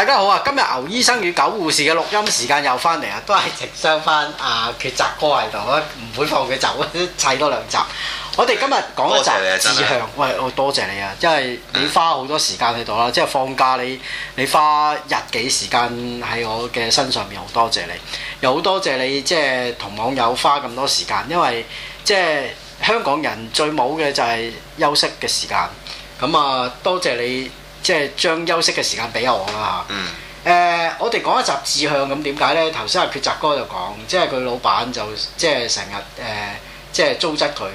大家好啊！今日牛醫生與狗護士嘅錄音時間又翻嚟啊，都係直相翻啊，決擇哥喺度啊，唔會放佢走啊，砌多兩集。我哋今日講一集志向，喂，我多謝你啊向！因為你花好多時間喺度啦，即係放假你你花日幾時間喺我嘅身上面，好多謝你，又好多謝你即係同網友花咁多時間，因為即係香港人最冇嘅就係休息嘅時間。咁啊，多謝你。即係將休息嘅時間俾我啦嚇。誒、啊嗯呃，我哋講一集志向，咁點解呢？頭先阿決澤哥就講，即係佢老闆就即係成日誒，即係、呃、糟質佢。誒、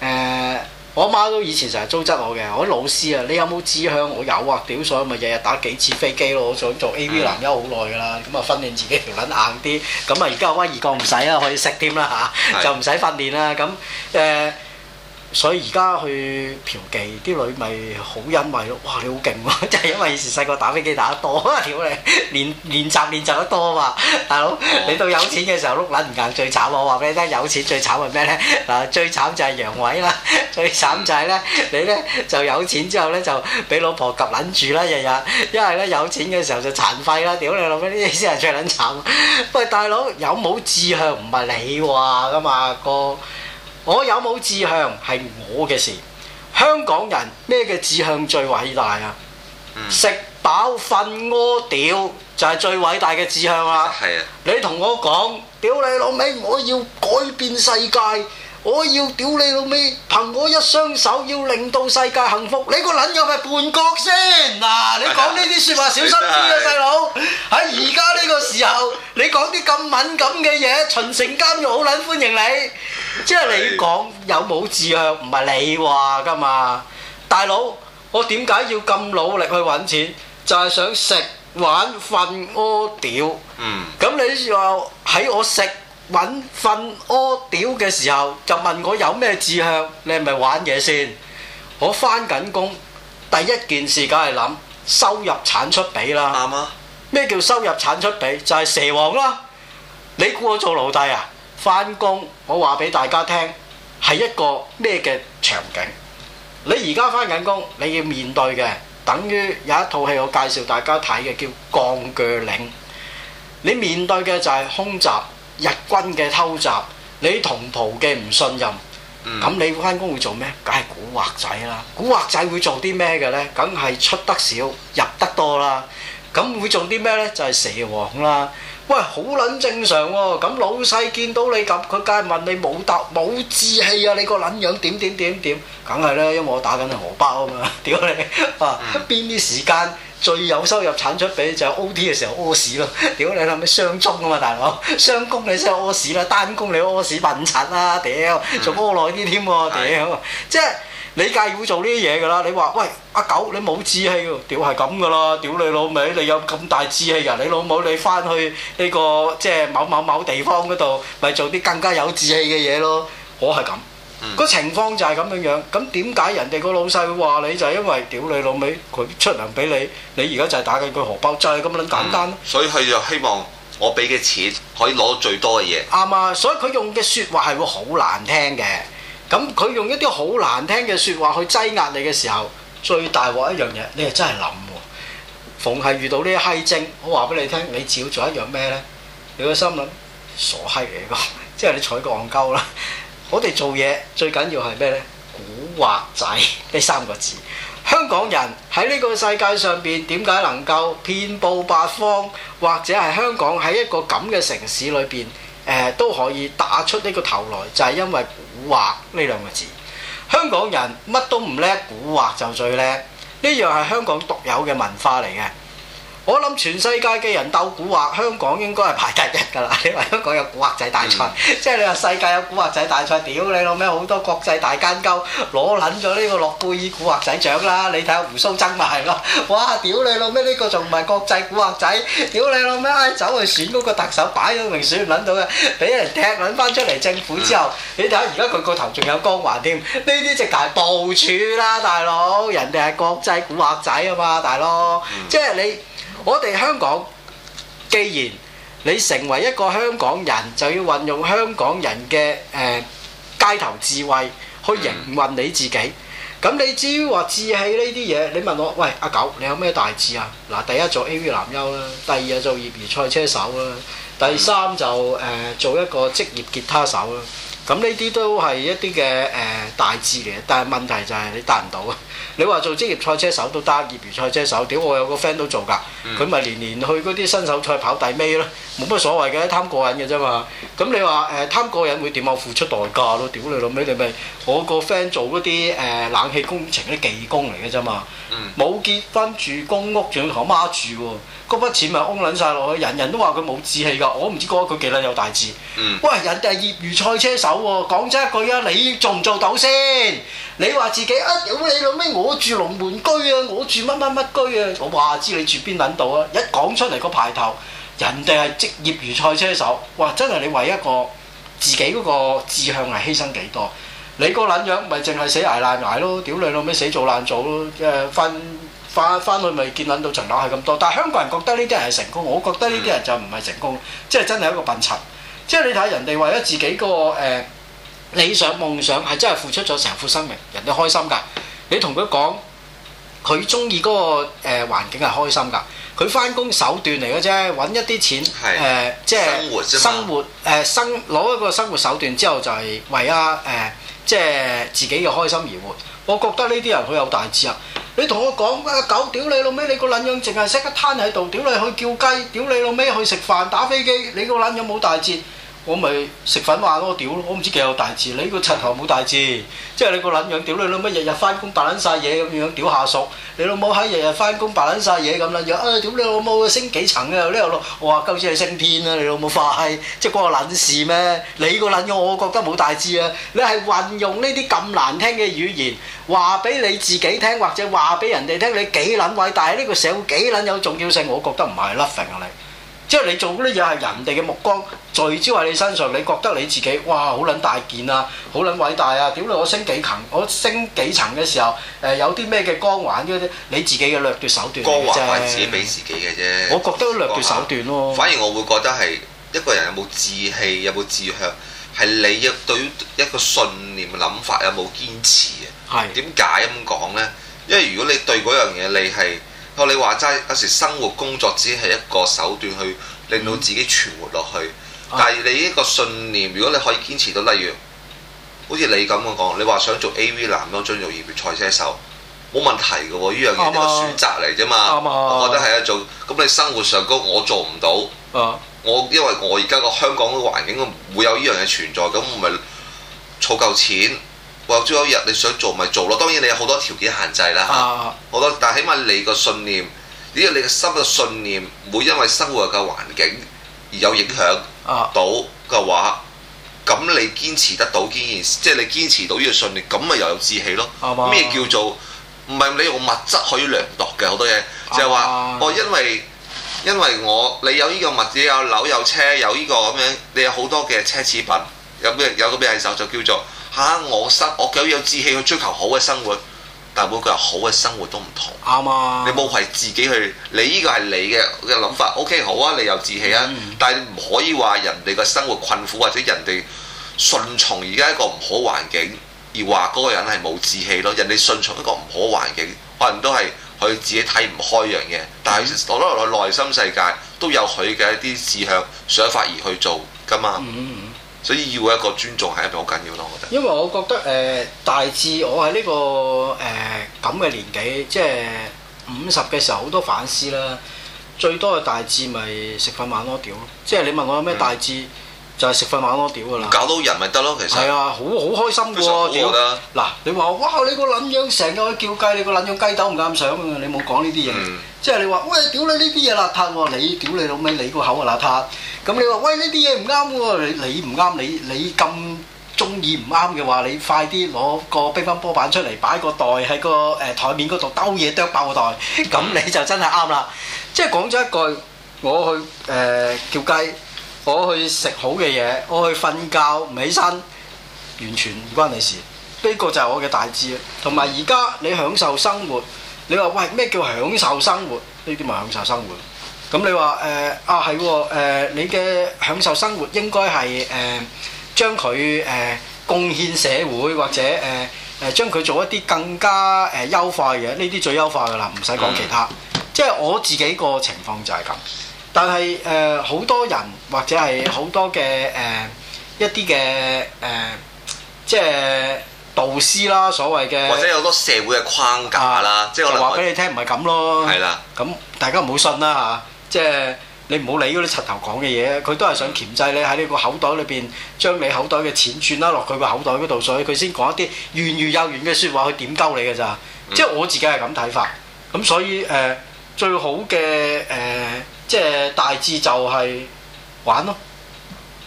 呃，我媽都以前成日糟質我嘅。我啲老師啊，你有冇志向？我有啊！屌！所以咪日日打幾次飛機咯？我想做 AV 男優好耐㗎啦。咁啊、嗯，訓練自己條撚硬啲。咁啊，而家威而鋼唔使啦，可以食添啦嚇，啊、是就唔使訓練啦。咁誒。呃所以而家去嫖妓啲女咪好欣慰咯，哇，你好勁喎、啊！就 係因為以前細個打飛機打得多啊，屌你練練習練習得多嘛，大佬、哦、你到有錢嘅時候碌撚唔硬最慘我，我話俾你聽有錢最慘係咩呢？嗱最慘就係陽痿啦，最慘就係呢、就是，你呢就有錢之後呢就俾老婆撳撚住啦，日日因為呢有錢嘅時候就殘廢啦，屌你老母呢啲先係最撚慘。喂大佬有冇志向唔係你話噶嘛，哥。我有冇志向係我嘅事，香港人咩嘅志向最偉大啊？嗯、食飽瞓屙屌就係、是、最偉大嘅志向啦！啊、你同我講，屌你老味，我要改變世界。我要屌你老味，憑我一雙手要令到世界幸福。你個撚嘢，咪叛國先嗱、啊！你講呢啲說話小心啲啊，細佬。 喺而家呢個時候， 你講啲咁敏感嘅嘢，秦城監獄好撚歡迎你。即係你講有冇志向唔係你話㗎嘛，大佬。我點解要咁努力去搵錢，就係、是、想食、玩、瞓屙屌。啊、嗯。咁你又喺我食？揾瞓屙屌嘅時候就問我有咩志向？你係咪玩嘢先？我翻緊工，第一件事梗係諗收入產出比啦。咩的叫收入產出比？就係、是、蛇王啦！你估我做奴隸啊？翻工，我話俾大家聽，係一個咩嘅場景？你而家翻緊工，你要面對嘅，等於有一套戲我介紹大家睇嘅，叫《鋼鋸嶺》。你面對嘅就係空襲。日軍嘅偷襲，你同袍嘅唔信任，咁、嗯、你返工會做咩？梗係古惑仔啦！古惑仔會做啲咩嘅呢？梗係出得少，入得多啦。咁會做啲咩呢？就係、是、蛇王啦。喂，好撚正常喎、啊！咁老細見到你咁，佢梗係問你冇膽冇志氣啊！你個撚樣點點點點？梗係啦，因為我打緊荷包啊嘛。屌你啊！邊啲 時間？最有收入產出比就係 O T 嘅時候屙屎咯，屌你諗起雙鐘啊嘛，大佬，雙工你先屙屎啦，單工你屙屎笨柒啦，屌仲屙耐啲添喎，屌，即係你梗係會做呢啲嘢㗎啦，你話喂，阿狗你冇志氣，屌係咁㗎啦，屌你老味你有咁大志氣啊，你老母你翻去呢個即係某某某地方嗰度，咪做啲更加有志氣嘅嘢咯，我係咁。個、嗯、情況就係咁樣樣，咁點解人哋個老細會話你就係、是、因為屌你老味，佢出糧俾你，你而家就係打緊佢荷包，就係咁撚簡單、嗯。所以佢就希望我俾嘅錢可以攞最多嘅嘢。啱啊，所以佢用嘅説話係會好難聽嘅。咁佢用一啲好難聽嘅説話去擠壓你嘅時候，最大鑊一樣嘢，你係真係諗喎。逢係遇到呢啲閪精，我話俾你聽，你只要做一樣咩呢？你個心諗傻閪嚟個，即係你採個戇鳩啦。我哋做嘢最緊要係咩呢？「古惑仔」呢三個字，香港人喺呢個世界上邊點解能夠遍佈八方，或者係香港喺一個咁嘅城市裏邊、呃，都可以打出呢個頭來，就係因為古惑呢兩個字。香港人乜都唔叻，古惑就最叻，呢樣係香港獨有嘅文化嚟嘅。我諗全世界嘅人鬥古惑，香港應該係排第一㗎啦！你話香港有古惑仔大賽，嗯、即係你話世界有古惑仔大賽，嗯、屌你老咩！好多國際大奸鳩攞撚咗呢個諾貝爾古惑仔獎啦！你睇下胡鬚曾埋咯，哇！屌你老咩！呢、呢個仲唔係國際古惑仔？屌你老咩！走去選嗰個特首，擺咗名選唔撚到嘅，俾人踢撚翻出嚟政府之後，你睇下而家佢個頭仲有光環添。呢啲直頭係部署啦，大佬，人哋係國際古惑仔啊嘛，大佬，嗯、即係你。我哋香港，既然你成為一個香港人，就要運用香港人嘅誒、呃、街頭智慧去營運你自己。咁你至於話志氣呢啲嘢，你問我，喂阿狗，你有咩大志啊？嗱，第一做 AV 男優啦，第二做業餘賽車手啦，第三就誒、呃、做一個職業吉他手啦。咁呢啲都係一啲嘅誒大志嘅，但係問題就係你達唔到啊！你話做職業賽車手都得，業餘賽車手屌，我有個 friend 都做㗎，佢咪年年去嗰啲新手賽跑第尾咯，冇乜所謂嘅，貪過癮嘅啫嘛。咁你話誒貪過癮會點啊？付出代價咯，屌你老尾，你咪我個 friend 做嗰啲誒冷氣工程嗰啲技工嚟嘅啫嘛，冇、嗯、結婚住公屋仲要同我媽住喎，嗰、哦、筆錢咪空撚晒落去，人人都話佢冇志氣㗎，我唔知嗰一句幾撚有大志。嗯、喂，人哋係業餘賽車手喎，講真一句啊，你做唔做到先？你話自己啊，屌你老味！我住龍門居啊，我住乜乜乜居啊！我話知你住邊撚度啊？一講出嚟個牌頭，人哋係職業如賽車手，哇！真係你為一個自己嗰個志向係犧牲幾多？你個撚樣咪淨係死捱爛捱咯，咯，屌你老味死做爛做咯！誒、呃，翻翻翻去咪見撚到層樓係咁多，但係香港人覺得呢啲人係成功，我覺得呢啲人就唔係成功，即係真係一個笨柒。即係你睇下人哋為咗自己個誒。呃理想夢想係真係付出咗成副生命，人哋開心㗎。你同佢講，佢中意嗰個誒、呃、環境係開心㗎。佢返工手段嚟嘅啫，揾一啲錢誒的、呃，即係生活誒生攞、呃、一個生活手段之後就係為啊誒、呃呃，即係自己嘅開心而活。我覺得呢啲人好有大志啊！你同我講啊，狗屌你老味，你個撚樣淨係識得攤喺度屌你去叫雞，屌你老味去食飯打飛機，你個撚樣冇大志。我咪食粉飯咯，屌咯！我唔知幾有大志。你個柒頭冇大志，即係你個撚樣屌你老母日日翻工扮撚晒嘢咁樣屌下屬，你老母喺日日翻工扮撚晒嘢咁樣啊、哎！屌你老母升幾層嘅？你又攞我話鳩死你升天啦！你老母快，即係講個撚事咩？你個撚樣，我覺得冇大志啊！你係運用呢啲咁難聽嘅語言話俾你自己聽，或者話俾人哋聽，你幾撚偉大？但係呢個社會幾撚有重要性？我覺得唔係，nothing 啊你！即係你做嗰啲嘢係人哋嘅目光聚焦喺你身上，你覺得你自己哇好撚大件啊，好撚偉大啊！屌你，我升幾層，我升幾層嘅時候，誒、呃、有啲咩嘅光環嘅咧？你自己嘅掠奪手段，光環係自己俾自己嘅啫。我覺得掠奪手段咯、啊。反而我會覺得係一個人有冇志氣，有冇志向，係你要對於一個信念嘅諗法有冇堅持啊？係點解咁講咧？因為如果你對嗰樣嘢你係。學你話齋有時生活工作只係一個手段去令到自己存活落去，嗯啊、但係你呢個信念，如果你可以堅持到，例如好似你咁樣講，你話想做 AV 男優、追玉業嘅賽車手，冇問題嘅喎，呢樣嘢一個選擇嚟啫嘛。啊啊啊、我覺得係一做。咁你生活上嗰我做唔到，啊、我因為我而家個香港嘅環境會有呢樣嘢存在，咁唔係儲夠錢。或者有一日你想做咪做咯，當然你有好多條件限制啦，吓、啊，好多，但起碼你個信念，呢個你個心嘅信念，唔會因為生活嘅環境而有影響到嘅話，咁、啊、你堅持得到堅，即係你堅持到呢個信念，咁咪又有志氣咯。咩、啊、叫做？唔係你用物質可以量度嘅好多嘢，就係、是、話、啊、哦，因為因為我你有呢個物質，有樓有車有呢個咁樣，你有好多嘅奢侈品，有咩有咁嘅藝術就叫做。嚇、啊！我生我有有志氣去追求好嘅生活，但每個人好嘅生活都唔同。啱啊！你冇係自己去，你呢個係你嘅嘅諗法。O、OK, K，好啊，你有志氣啊，嗯、但你唔可以話人哋嘅生活困苦或者人哋順從而家一個唔好環境而話嗰個人係冇志氣咯。人哋順從一個唔好環境，可能都係佢自己睇唔開樣嘢，但係落咗落去內心世界都有佢嘅一啲志向想法而去做㗎嘛。嗯嗯所以要一個尊重係一樣好緊要咯，我覺得。因為我覺得誒、呃、大志我喺呢、這個誒咁嘅年紀，即係五十嘅時候好多反思啦。最多嘅大志咪食份晚飯咯，屌！即係你問我有咩大志？嗯就係食飯晚安屌㗎啦！搞到人咪得咯，其實係啊，好好開心㗎，我覺得。嗱，你話哇，你，哇你個撚樣成日去叫雞，你個撚樣雞竇唔啱上啊！你冇講呢啲嘢，嗯、即係你話喂，屌你呢啲嘢邋遢喎，你屌你老味，你個口啊邋遢。咁你話喂，呢啲嘢唔啱喎，你你唔啱，你你咁中意唔啱嘅話，你快啲攞個乒乓波板出嚟，擺個袋喺個誒台面嗰度，兜嘢剁爆個袋，咁、嗯、你就真係啱啦。即係講咗一句，我去誒、呃呃、叫雞。我去食好嘅嘢，我去瞓覺唔起身，完全唔關你事。呢、這個就係我嘅大志。同埋而家你享受生活，你話喂咩叫享受生活？呢啲咪享受生活。咁你話誒、呃、啊係喎、呃、你嘅享受生活應該係誒、呃、將佢誒、呃、貢獻社會或者誒誒、呃、將佢做一啲更加誒優化嘅嘢。呢啲最優化噶啦，唔使講其他。嗯、即係我自己個情況就係咁。但係誒，好、呃、多人或者係好多嘅誒、呃、一啲嘅誒，即係導師啦，所謂嘅或者好多社會嘅框架啦，即係我話俾你聽，唔係咁咯。係對了 啦，咁大家唔好信啦吓，即係你唔好理嗰啲柒頭講嘅嘢，佢都係想鉗制你喺你個口袋裏邊，將你口袋嘅錢轉啦落佢個口袋嗰度，嗯、所以佢先講一啲圓如幼圓嘅説話去點鳩你嘅咋。即係我自己係咁睇法，咁所以誒、呃、最好嘅誒。即係大志就係玩咯，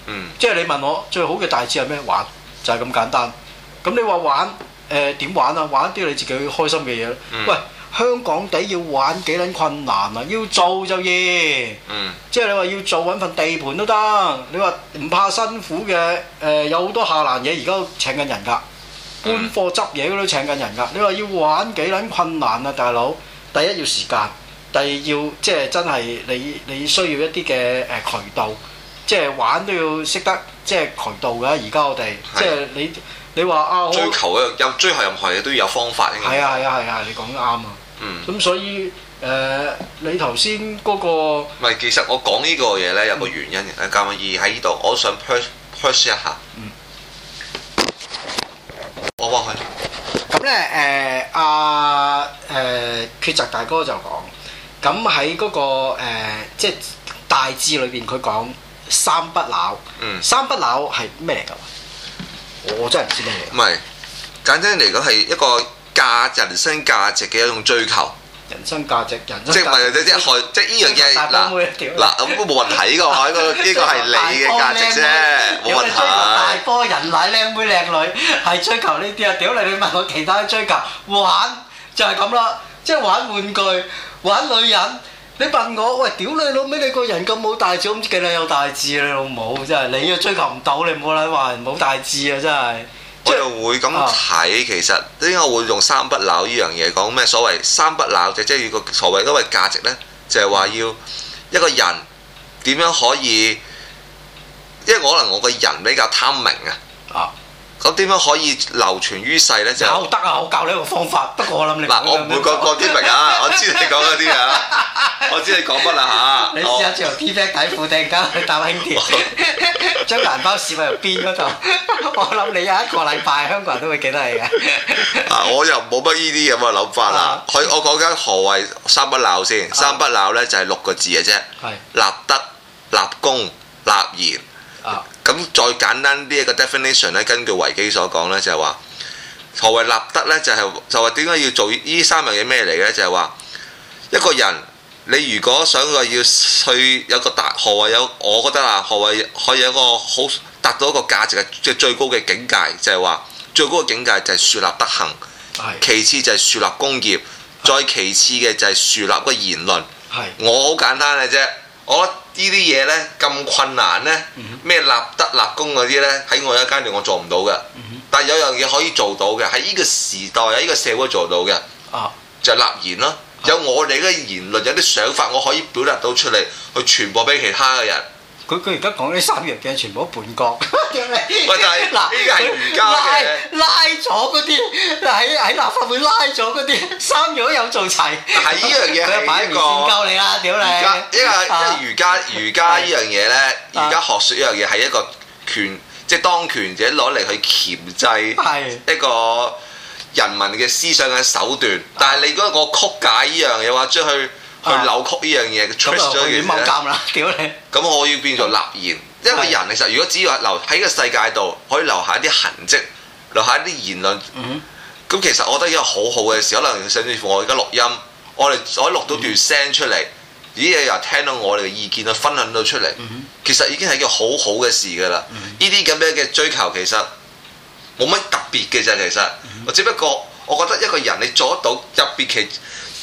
嗯，即係你問我最好嘅大志係咩？玩就係、是、咁簡單。咁你話玩誒點、呃、玩啊？玩啲你自己開心嘅嘢、嗯、喂，香港地要玩幾撚困難啊？要做就易，嗯，即係你話要做揾份地盤都得。你話唔怕辛苦嘅誒、呃，有好多下欄嘢，而家都請緊人㗎，嗯、搬貨執嘢都啲請緊人㗎。你話要玩幾撚困難啊，大佬？第一要時間。係要即係真係你你需要一啲嘅誒渠道，即係玩都要識得即係渠道嘅。而家我哋即係你你話啊，追求嘅有追求任何嘢都要有方法應該係。係啊係啊係啊，你講得啱啊！嗯，咁所以誒、呃，你頭先嗰個唔係，其實我講呢個嘢咧有個原因嘅。嘉敏二喺呢度，我想 push, push 一下。嗯，我幫佢。咁咧誒啊誒，抉擇大哥就講。啊啊咁喺嗰個誒，即係大志裏邊，佢講三不嬲，三不嬲係咩嚟㗎？我真係唔知咩嚟。唔係簡單嚟講係一個價人生價值嘅一種追求。人生價值，人生。即係唔係即係即係，即係呢樣嘢嗱嗱咁都冇人睇㗎喎！呢個呢個係你嘅價值啫，冇人睇啊！大波人奶靚妹靚女係追求呢啲啊！屌你！你問我其他追求玩就係咁啦，即係玩玩具。玩女人，你問我喂，屌你老味，你個人咁冇大志，唔知幾耐有大志，你老母真係，你要追求唔到，你唔好喺話人冇大志啊，真係。我又會咁睇，其實點解會用三不朽呢樣嘢講咩？所謂三不朽嘅，即係個所謂因為價值呢，就係話要一個人點樣可以，因為可能我個人比較貪名啊。咁點樣可以流傳於世咧？就教得啊，我教你一個方法。不過我諗你嗱，我唔會講嗰啲名啊， 我知你講嗰啲啊， 我知你講乜啦嚇。啊、你試下著 T 恤底褲掟去搭輕鐵，將銀 包攝喺入邊嗰度。 我諗你有一個禮拜，香港人都會記得你嘅、啊。啊，我又冇乜呢啲咁嘅諗法啦。佢、啊、我講緊何謂三不朽先？啊、三不朽咧就係六個字嘅啫。係是立德、立功、立言。啊。啊咁再簡單啲一個 definition 咧，根據維基所講咧，就係話何為立德咧、就是，就係就話點解要做呢三樣嘢咩嚟咧？就係話一個人你如果想話要去有個達何為有，我覺得啊，何為可以有個好達到一個價值嘅即係最高嘅境界，就係、是、話最高嘅境界就係樹立德行，其次就係樹立功業，再其次嘅就係樹立個言論。的我好簡單嘅啫。我覺得我呢啲嘢呢，咁困難呢，咩、嗯、哼立德立功嗰啲呢，喺我一階段我做唔到嘅。嗯、哼但係有樣嘢可以做到嘅，喺呢個時代喺呢個社會做到嘅，啊、就係立言咯。啊、有我哋嘅言論，有啲想法，我可以表達到出嚟，去傳播俾其他嘅人。佢佢而家講呢三樣嘢全部都叛國，嗱依家係儒家嘅，拉咗嗰啲喺喺立法會拉咗嗰啲三樣都有做齊，係呢樣嘢佢係一個。夠個你啦，屌你在！依家依個，啊、個儒家儒家依、啊、樣嘢咧，而家學説呢樣嘢係一個權，即、就、係、是、當權者攞嚟去鉗制一個人民嘅思想嘅手段。的但係你覺得我曲解呢樣嘢話出去？去扭曲呢樣嘢，出咗嚟咧。亂冒鑑啦，屌你！咁我要變做立言。一個、嗯、人其實，如果只要留喺個世界度，可以留下一啲痕跡，留下一啲言論。咁、嗯、哼其實我覺得一個好好嘅事，可能甚至乎我而家錄音，我哋可以錄到段聲出嚟，啲嘢、嗯、哼又聽到我哋嘅意見，啊、嗯、哼分享到出嚟，其實已經係一個好好嘅事㗎喇。呢啲咁樣嘅追求其實冇乜特別嘅啫，其實我、嗯、哼只不過我覺得一個人你做得到入邊其。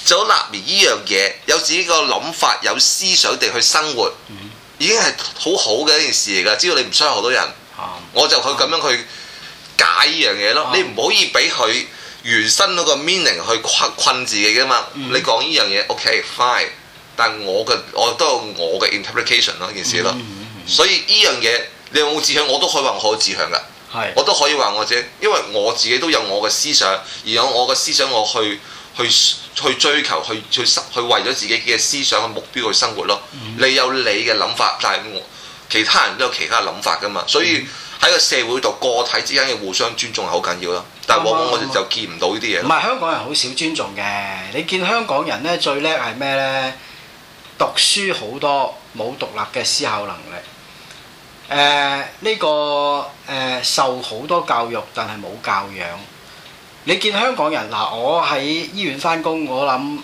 做納彌呢樣嘢，有自己個諗法，有思想地去生活，已經係好好嘅一件事嚟㗎。只要你唔需要好多人，啊、我就去咁樣去解呢樣嘢咯。啊、你唔可以俾佢原身嗰個 meaning 去困困自己㗎嘛。嗯、你講呢樣嘢，OK fine，但我嘅我都有我嘅 interpretation 咯，呢件事咯。嗯嗯嗯、所以呢樣嘢，你有冇志向？我都可以話我有志向㗎。是我都可以話我自己，因為我自己都有我嘅思想，而有我嘅思想我去去。去去追求，去去去為咗自己嘅思想嘅目標去生活咯。嗯、你有你嘅諗法，但係我其他人都有其他諗法㗎嘛。所以喺、嗯、個社會度，個體之間嘅互相尊重係好緊要咯。但係往往我哋、嗯、就，就見唔到呢啲嘢。唔係香港人好少尊重嘅。你見香港人咧最叻係咩咧？讀書好多，冇獨立嘅思考能力。誒、呃、呢、這個誒、呃、受好多教育，但係冇教養。你見香港人嗱，我喺醫院翻工，我諗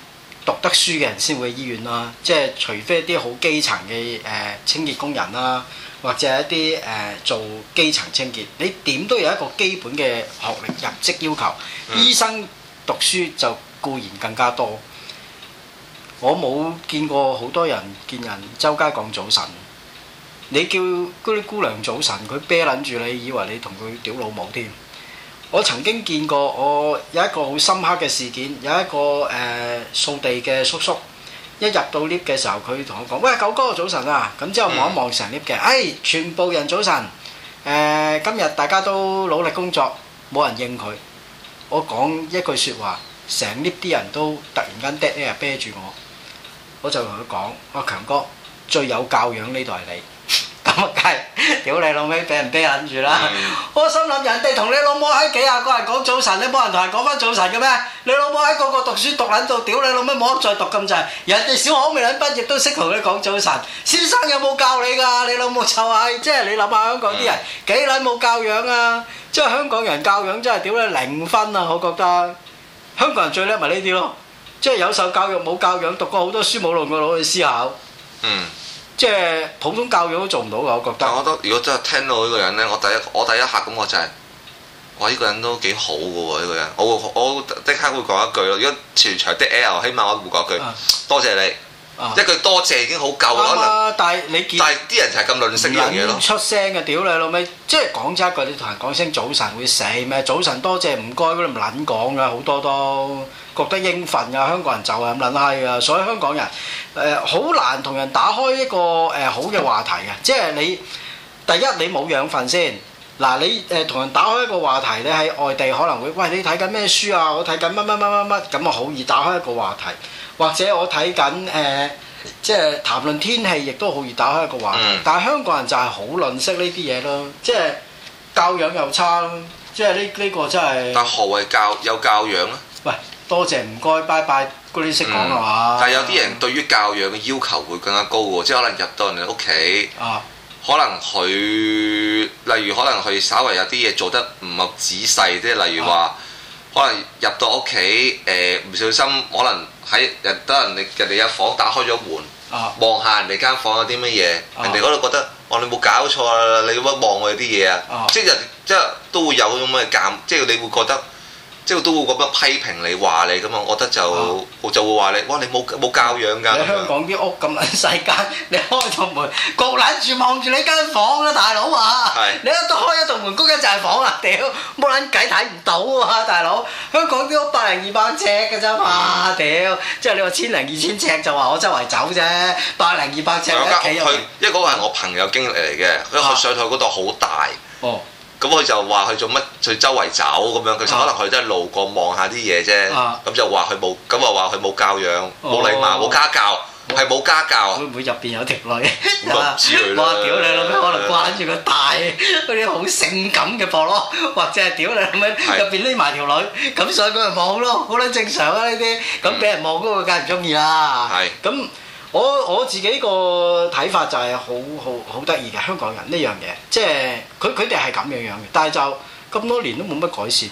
讀得書嘅人先會去醫院啦，即係除非啲好基層嘅誒清潔工人啦，或者一啲誒、呃、做基層清潔，你點都有一個基本嘅學歷入職要求。嗯、醫生讀書就固然更加多，我冇見過好多人見人周街講早晨，你叫啲姑娘早晨，佢啤撚住你，以為你同佢屌老母添。我曾經見過，我有一個好深刻嘅事件，有一個誒掃地嘅叔叔，一入到 lift 嘅時候，佢同我講：喂，九哥，早晨啊！咁之後望一望成 lift 嘅，哎，全部人早晨。誒，今日大家都努力工作，冇人應佢。我講一句説話，成 lift 啲人都突然間 dead air，啤住我。我就同佢講：阿強哥最有教養呢度係你。咁嘅，屌你老味，俾人逼撚住啦？我心諗人哋同你老母喺幾廿個人講早晨，你冇人同人講翻早晨嘅咩？你老母喺個個讀書讀撚到，屌你老味冇得再讀咁滯。人哋小學未撚畢業都識同你講早晨。先生有冇教你噶？你老母臭閪即係你諗下香港啲人幾撚冇教養啊？即係香港人教養真係屌你零分啊！我覺得香港人最叻咪呢啲咯，即係有受教育冇教養，讀過好多書冇論過攞去思考。嗯。即係普通教育都做唔到噶，我覺得。但係我覺得，如果真係聽到呢個人咧，我第一我第一下感覺就係、哇，我呢、這個人都幾好噶喎，呢、這個人，我會我即刻會講一句咯。如果全場的 L，起碼我會講句、啊、多謝你，啊、一句多謝已經好夠啦。啊、能但係你見，但係啲人就係咁亂食嘢咯。不不出聲嘅屌你老味，即係講真一句，你同人講聲早晨會死咩？早晨多謝唔該你唔撚講噶好多多。覺得應份㗎，香港人就係咁諗係啊，所以香港人誒好、呃、難同人打開一個誒、呃、好嘅話題嘅，即係你第一你冇養分先嗱，你誒同、呃、人打開一個話題，你喺外地可能會喂，你睇緊咩書啊，我睇緊乜乜乜乜乜咁啊，好易打開一個話題，或者我睇緊誒即係談論天氣，亦都好易打開一個話題，嗯、但係香港人就係好吝嗇呢啲嘢咯，即係教養又差咯，即係呢呢個真係。但何謂教有教養咧？喂！多謝唔該，拜拜，嗰啲識講嘅話。但係有啲人對於教養嘅要求會更加高喎，即係可能入到人哋屋企，可能佢，例如可能佢稍為有啲嘢做得唔咁仔細，即係，例如話，可能入到屋企，誒唔小心，可能喺人哋人哋人哋嘅房打開咗門，望下人哋間房有啲乜嘢，人哋嗰度覺得，哦你冇搞錯啦，你乜望佢啲嘢啊，即係即係都會有咁嘅咩感，即係你會覺得。即係都會咁樣批評你話你㗎嘛。我覺得就我、啊、就會話你，哇！你冇冇教養㗎？你去香港啲屋咁撚細間，你開咗門焗撚住望住你間房啦，大佬啊！是 你一度開一度門，嗰間就係房啊，屌冇撚計睇唔到啊，大佬！香港啲屋百零二百尺㗎咋嘛，屌、啊！即係你話千零二千尺就話我周圍走啫，百零二百尺一企入去，因為嗰個係我朋友經歷嚟嘅，佢去上去嗰度好大。啊哦咁佢就話佢做乜？佢周圍走咁樣，佢就可能佢都係路過望下啲嘢啫。咁、啊、就話佢冇，咁話話佢冇教養、冇、哦、禮貌、冇、哦、家教，係冇我家教。會唔會入邊有條女？哇！屌你老味，可能掛住個大嗰啲好性感嘅博咯，或者係屌你老味入邊匿埋條女，咁所以佢就望咯，好啦正常啦呢啲。咁俾人望嗰個梗係唔中意啦。係咁。我我自己個睇法就係好好好得意嘅香港人呢樣嘢，即係佢佢哋係咁樣樣嘅，但係就咁多年都冇乜改善，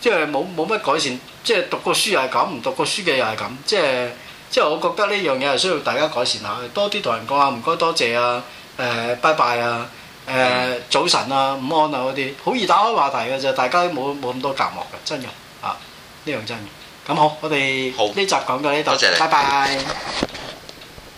即係冇冇乜改善，即係讀個書又係咁，唔讀個書嘅又係咁，即係即係我覺得呢樣嘢係需要大家改善下，多啲同人講下唔該多謝啊，誒、呃、拜拜啊，誒、呃、早晨啊，午安啊嗰啲，好易打開話題嘅就，大家冇冇咁多隔膜嘅，真嘅啊，呢樣真嘅，咁好，我哋呢好集講到呢度，多謝你，拜拜。